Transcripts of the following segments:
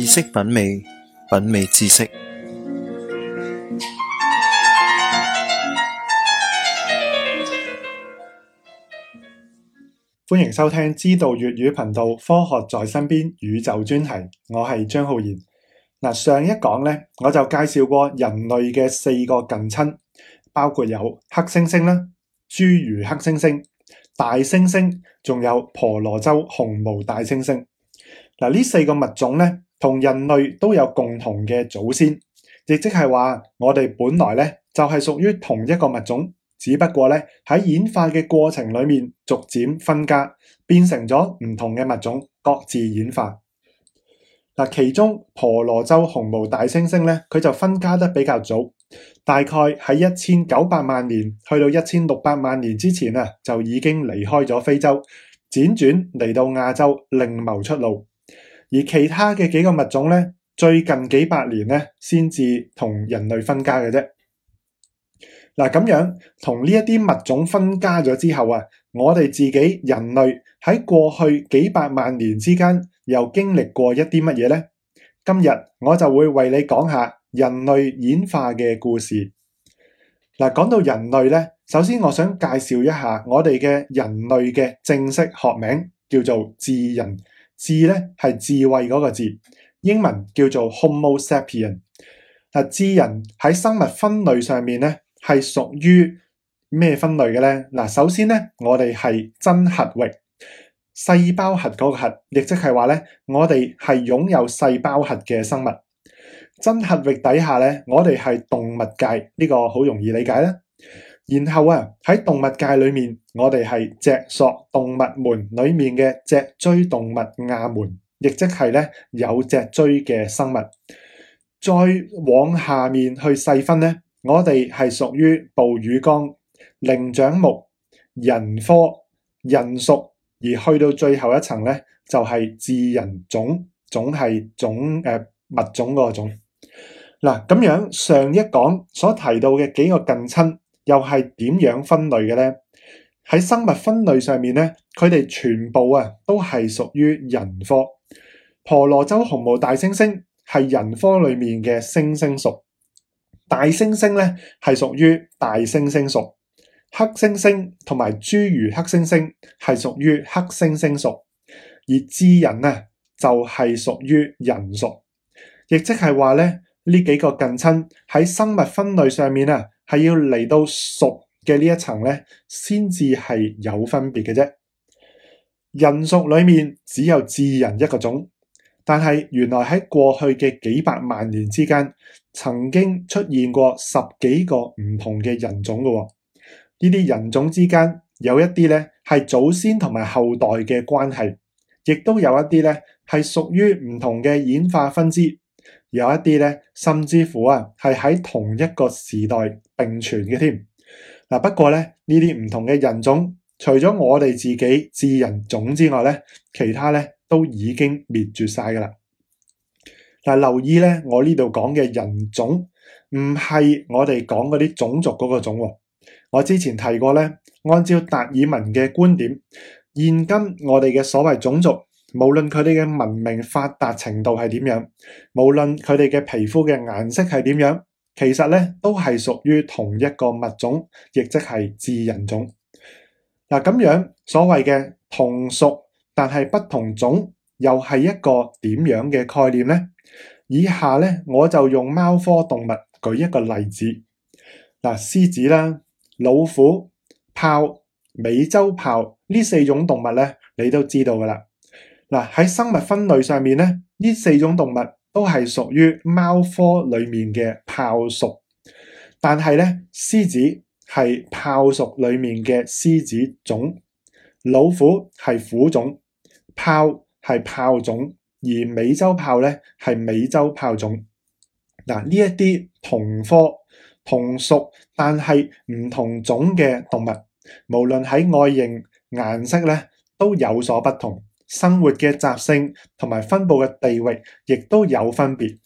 知識品味，品味知識。歡迎收聽《知道粵語》頻道《科學在身邊》宇宙專題。我係張浩然。嗱，上一講呢，我就介紹過人類嘅四個近親，包括有黑猩猩啦、侏儒黑猩猩、大猩猩，仲有婆羅洲紅毛大猩猩。嗱，呢四個物種呢。同人類都有共同嘅祖先，亦即係話我哋本來咧，就係屬於同一個物種，只不過咧，喺演化嘅過程裏面逐漸分家，變成咗唔同嘅物種，各自演化。嗱，其中婆羅洲紅毛大猩猩咧，佢就分家得比較早，大概喺一千九百萬年去到一千六百萬年之前啊，就已經離開咗非洲，輾轉嚟到亞洲，另謀出路。而其他嘅幾個物種咧，最近幾百年咧，先至同人類分家嘅啫。嗱，咁樣同呢一啲物種分家咗之後啊，我哋自己人類喺過去幾百萬年之間，又經歷過一啲乜嘢呢？今日我就會為你講下人類演化嘅故事。嗱，講到人類咧，首先我想介紹一下我哋嘅人類嘅正式學名，叫做智人。智咧，係智慧嗰個字，英文叫做 Homo sapiens。嗱，智人喺生物分類上面咧，係屬於咩分類嘅咧？嗱，首先咧我哋係真核域，細胞核嗰個核，亦即係話咧我哋係擁有細胞核嘅生物。真核域底下咧我哋係動物界，呢個好容易理解啦。然後啊，又係點樣分類嘅咧？喺生物分類上面咧，佢哋全部啊都係屬於人科。婆羅洲紅毛大猩猩係人科裏面嘅猩猩屬，大猩猩咧係屬於大猩猩屬，黑猩猩同埋侏儒黑猩猩係屬於黑猩猩屬，而智人呢就係屬於人屬，亦即係話咧呢幾個近親喺生物分類上面係要嚟到屬嘅呢一層咧，先至係有分別嘅啫。人屬裏面只有智人一個種，但係原來喺過去嘅幾百萬年之間，曾經出現過十幾個唔同嘅人種喎。呢啲人種之間有一啲咧係祖先同埋後代嘅關係，亦都有一啲咧係屬於唔同嘅演化分支，有一啲咧甚至乎啊係喺同一個時代。並存嘅添嗱，不過咧呢啲唔同嘅人種，除咗我哋自己智人種之外咧，其他咧都已經滅絕晒噶啦。嗱，留意咧，我呢度講嘅人種唔係我哋講嗰啲種族嗰個種喎。我之前提過咧，按照達爾文嘅觀點，現今我哋嘅所謂種族，無論佢哋嘅文明發達程度係點樣，無論佢哋嘅皮膚嘅顏色係點樣。其實咧都係屬於同一個物種，亦即係智人種。嗱，咁樣所謂嘅同屬但係不同種，又係一個點樣嘅概念呢？以下咧我就用貓科動物舉一個例子。嗱，獅子啦、老虎、豹、美洲豹呢四種動物咧，你都知道噶啦。嗱，喺生物分類上面咧，呢四種動物。都係屬於貓科裏面嘅豹屬，但係咧，獅子係豹屬裏面嘅獅子種，老虎係虎種，豹係豹種，而美洲豹咧係美洲豹種。嗱，呢一啲同科同屬但係唔同種嘅動物，無論喺外形、顏色咧，都有所不同。生活嘅習性同埋分布嘅地域亦都有分別。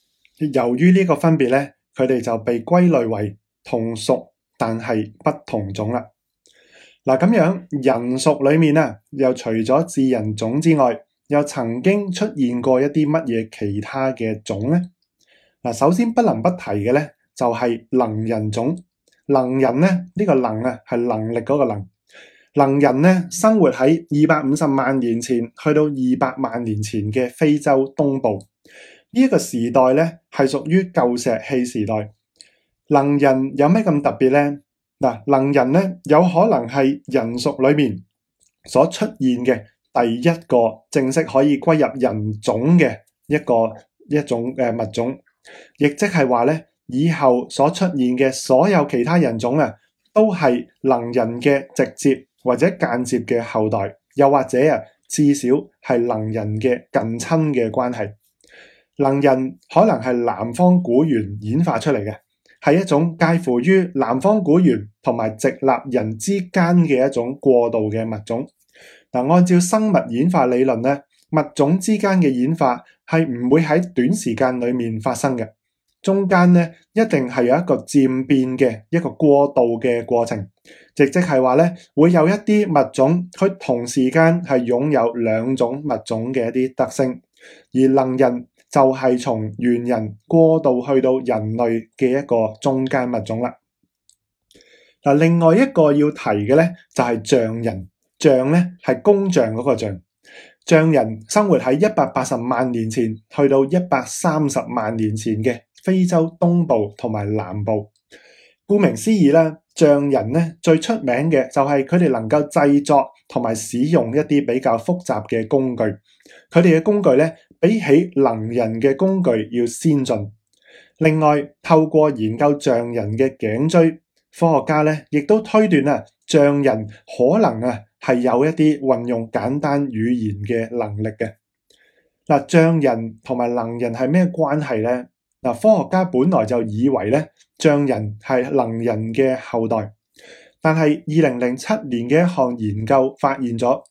由於呢個分別呢,佢哋就被歸類為同屬,但係不同種啦。嗱,咁樣,人屬裏面,又除咗智人種之外,又曾經出現過一啲乜嘢其他嘅種呢?嗱,首先不能不提嘅呢,就係能人種。能人呢,呢個能啊,係能力嗰個能。能人咧，生活喺二百五十萬年前去到二百萬年前嘅非洲東部，呢個時代咧，係屬於舊石器時代。能人有咩咁特別呢？嗱，能人咧，有可能係人屬裏面所出現嘅第一個正式可以歸入人種嘅一個一種呃物種，亦即係話咧，以後所出現嘅所有其他人種啊，都係能人嘅直接。或者間接嘅後代，又或者啊，至少係能人嘅近親嘅關係。能人可能係南方古猿演化出嚟嘅，係一種介乎於南方古猿同埋直立人之間嘅一種過渡嘅物種。嗱，按照生物演化理論咧，物種之間嘅演化係唔會喺短時間裏面發生嘅，中間咧一定係有一個漸變嘅、一個過渡嘅過程。亦即係話咧，會有一啲物種，佢同時間係擁有兩種物種嘅一啲特性，而能人就係從猿人過渡去到人類嘅一個中間物種啦。嗱，另外一個要提嘅咧，就係匠人，匠咧係工匠嗰個匠，匠人生活喺一百八十萬年前去到一百三十萬年前嘅非洲東部同埋南部。顧名思義咧，匠人咧最出名嘅就係佢哋能夠製作同埋使用一啲比較複雜嘅工具。佢哋嘅工具咧比起能人嘅工具要先進。另外，透過研究匠人嘅頸椎，科學家咧亦都推斷啊匠人可能啊係有一啲運用簡單語言嘅能力嘅。嗱，匠人同埋能人係咩關係呢？科學家本來就以為咧，匠人係能人嘅後代，但係二零零七年嘅一項研究發現咗，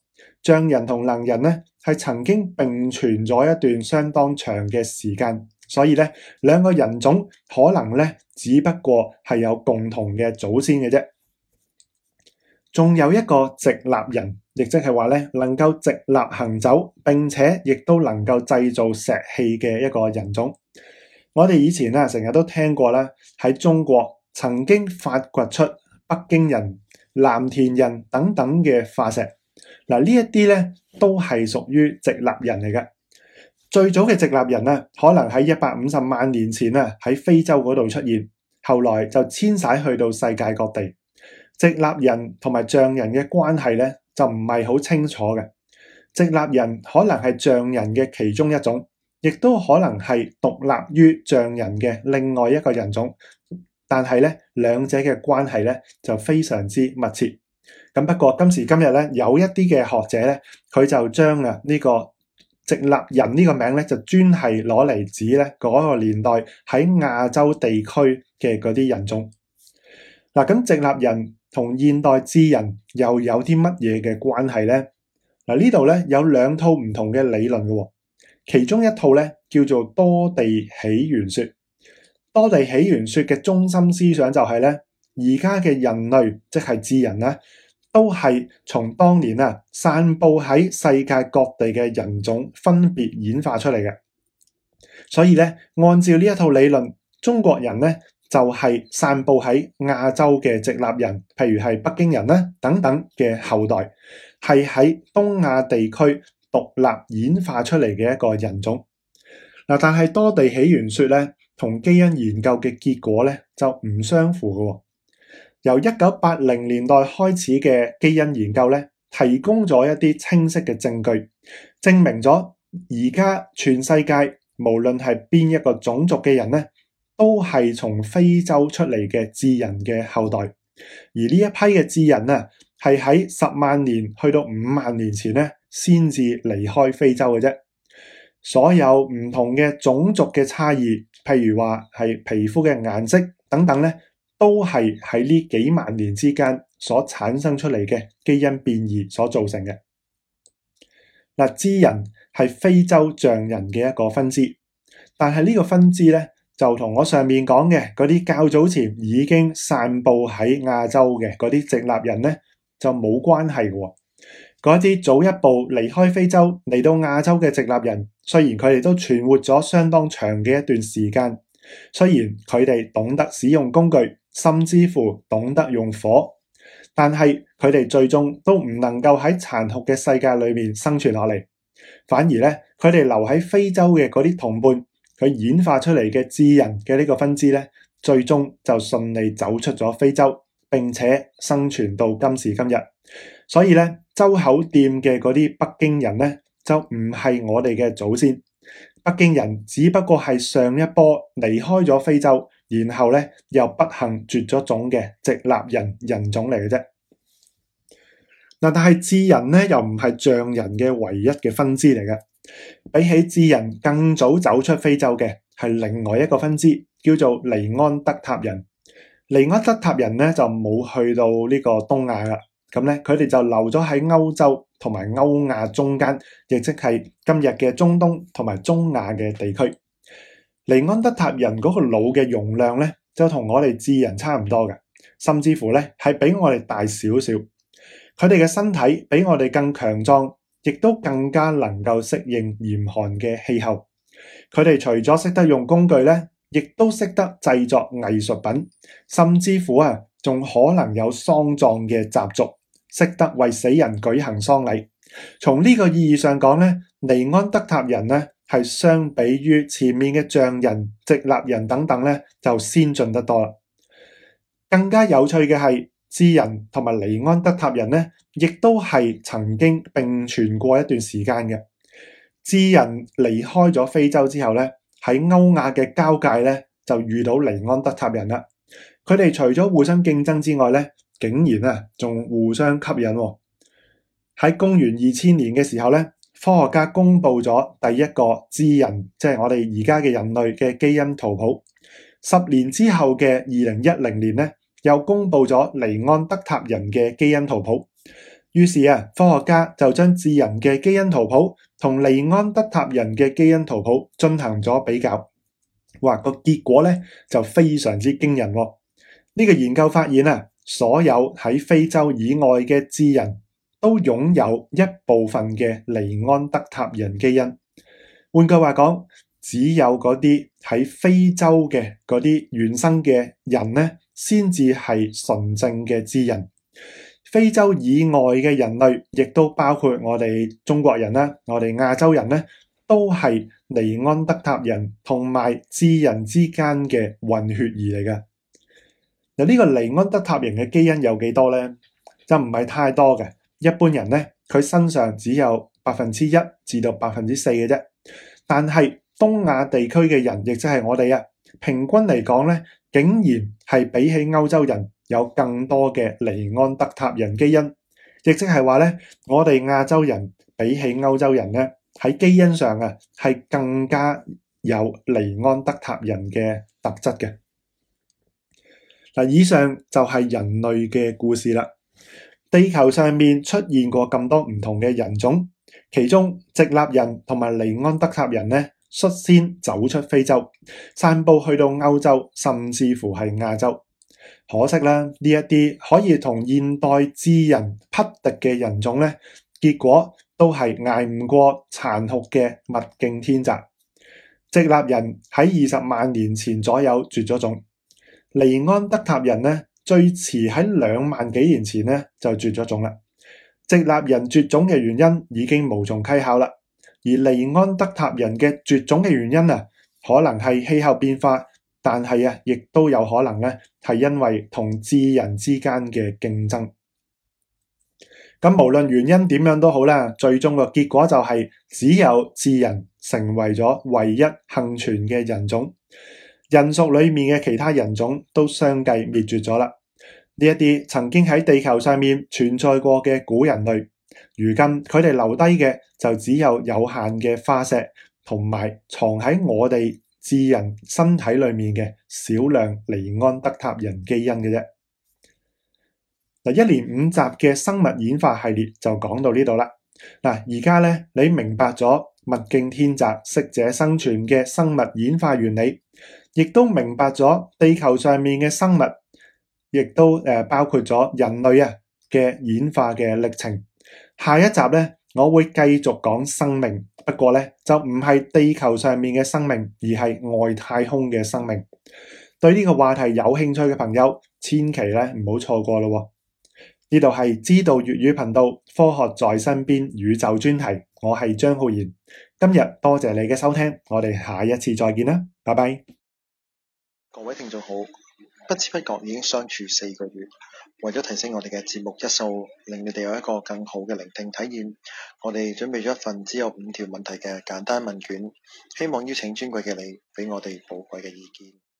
匠人同能人咧係曾經並存咗一段相當長嘅時間，所以咧兩個人種可能咧只不過係有共同嘅祖先嘅啫。仲有一個直立人，亦即係話咧能夠直立行走，並且亦都能夠製造石器嘅一個人種。我哋以前成日都聽過咧，喺中國曾經發掘出北京人、藍田人等等嘅化石。嗱，呢一啲咧都係屬於直立人嚟嘅。最早嘅直立人咧，可能喺一百五十萬年前啊，喺非洲嗰度出現，後來就遷徙去到世界各地。直立人同埋匠人嘅關係咧，就唔係好清楚嘅。直立人可能係匠人嘅其中一種。亦都可能係獨立於匠人嘅另外一個人種，但係咧兩者嘅關係咧就非常之密切。咁不過今時今日咧有一啲嘅學者咧，佢就將啊呢個直立人呢個名咧就專係攞嚟指咧嗰個年代喺亞洲地區嘅嗰啲人種。嗱，咁直立人同現代智人又有啲乜嘢嘅關係咧？嗱，呢度咧有兩套唔同嘅理論嘅。其中一套咧叫做多地起源說，多地起源說嘅中心思想就係咧，而家嘅人類即係智人咧，都係從當年啊散布喺世界各地嘅人種分別演化出嚟嘅。所以咧，按照呢一套理論，中國人咧就係散布喺亞洲嘅直立人，譬如係北京人咧等等嘅後代，係喺東亞地區，獨立演化出嚟嘅一個人種嗱，但係多地起源說咧，同基因研究嘅結果咧就唔相符嘅哦。由一九八零年代開始嘅基因研究咧，提供咗一啲清晰嘅證據，證明咗而家全世界無論係邊一個種族嘅人咧，都係從非洲出嚟嘅智人嘅後代。而呢一批嘅智人呢，係喺十萬年去到五萬年前咧，先至離開非洲嘅啫，所有唔同嘅種族嘅差異，譬如話係皮膚嘅顏色等等咧，都係喺呢幾萬年之間所產生出嚟嘅基因變異所造成嘅。嗱，智人係非洲匠人嘅一個分支，但係呢個分支咧就同我上面講嘅嗰啲較早前已經散布喺亞洲嘅嗰啲直立人咧就冇關係嘅。嗰啲早一步離開非洲嚟到亞洲嘅直立人，雖然佢哋都存活咗相當長嘅一段時間，雖然佢哋懂得使用工具，甚至乎懂得用火，但係佢哋最終都唔能夠喺殘酷嘅世界裏面生存落嚟。反而呢，佢哋留喺非洲嘅嗰啲同伴，佢演化出嚟嘅智人嘅呢個分支呢，最終就順利走出咗非洲，並且生存到今時今日。所以呢，周口店嘅嗰啲北京人呢，就唔係我哋嘅祖先。北京人只不過係上一波離開咗非洲，然後呢又不幸絕咗種嘅直立人人種嚟嘅啫。嗱，但係智人呢又唔係匠人嘅唯一嘅分支嚟嘅。比起智人更早走出非洲嘅係另外一個分支，叫做尼安德塔人。尼安德塔人呢就冇去到呢個東亞啦。咁咧，佢哋就留咗喺歐洲同埋歐亞中間，亦即係今日嘅中東同埋中亞嘅地區。尼安德塔人嗰個腦嘅容量咧，就同我哋智人差唔多嘅，甚至乎咧係比我哋大少少。佢哋嘅身體比我哋更強壯，亦都更加能夠適應嚴寒嘅氣候。佢哋除咗識得用工具咧，亦都識得製作藝術品，甚至乎啊，仲可能有喪葬嘅習俗。識得為死人舉行喪禮，從呢個意義上講咧，尼安德塔人咧係相比於前面嘅匠人、直立人等等咧，就先進得多啦。更加有趣嘅係，智人同埋尼安德塔人咧，亦都係曾經並存過一段時間嘅。智人離開咗非洲之後咧，喺歐亞嘅交界咧就遇到尼安德塔人啦。佢哋除咗互相競爭之外咧，竟然啊，仲互相吸引喎。喺公元二千年嘅時候咧，科學家公布咗第一個智人，即係我哋而家嘅人類嘅基因圖譜。十年之後嘅二零一零年咧，又公布咗尼安德塔人嘅基因圖譜。於是啊，科學家就將智人嘅基因圖譜同尼安德塔人嘅基因圖譜進行咗比較。哇，個結果咧就非常之驚人。呢個研究發現啊。所有喺非洲以外嘅智人都擁有一部分嘅尼安德塔人基因。換句話講，只有嗰啲喺非洲嘅嗰啲原生嘅人呢，先至係純正嘅智人。非洲以外嘅人類，亦都包括我哋中國人啦，我哋亞洲人呢，都係尼安德塔人同埋智人之間嘅混血兒嚟㗎。呢個尼安德塔人嘅基因有幾多呢？就唔係太多嘅。一般人呢，佢身上只有百分之一至到百分之四嘅啫。但係東亞地區嘅人，亦即係我哋啊，平均嚟講呢，竟然係比起歐洲人有更多嘅尼安德塔人基因，亦即係話呢，我哋亞洲人比起歐洲人呢，喺基因上啊，係更加有尼安德塔人嘅特質嘅。嗱，以上就係人類嘅故事啦。地球上面出現過咁多唔同嘅人種，其中直立人同埋尼安德塔人呢，率先走出非洲，散步去到歐洲，甚至乎係亞洲。可惜啦，呢一啲可以同現代智人匹敵嘅人種呢，結果都係捱唔過殘酷嘅物競天擇。直立人喺二十萬年前左右絕咗種。尼安德塔人咧，最遲喺兩萬幾年前咧就絕咗種啦。直立人絕種嘅原因已經無從稽考啦，而尼安德塔人嘅絕種嘅原因啊，可能係氣候變化，但係啊，亦都有可能咧係因為同智人之間嘅競爭。咁無論原因點樣都好啦，最終個結果就係只有智人成為咗唯一幸存嘅人種。人屬裏面嘅其他人種都相繼滅絕咗喇。呢一啲曾經喺地球上面存在過嘅古人類，如今佢哋留低嘅就只有有限嘅化石，同埋藏喺我哋智人身體裏面嘅少量尼安德塔人基因嘅啫。嗱，一連五集嘅生物演化系列就講到呢度啦。嗱，而家呢，你明白咗物競天擇、適者生存嘅生物演化原理。亦都明白咗地球上面嘅生物，亦都誒包括咗人類啊嘅演化嘅歷程。下一集呢，我會繼續講生命，不過呢就唔係地球上面嘅生命，而係外太空嘅生命。對呢個話題有興趣嘅朋友，千祈咧唔好錯過咯。呢度係知道粵語頻道科學在身邊宇宙專題，我係張浩然。今日多謝你嘅收聽，我哋下一次再見啦，拜拜。各位聽眾好，不知不覺已經相處四個月，為咗提升我哋嘅節目質素，令你哋有一個更好嘅聆聽體驗，我哋準備咗一份只有五條問題嘅簡單問卷，希望邀請尊貴嘅你俾我哋寶貴嘅意見。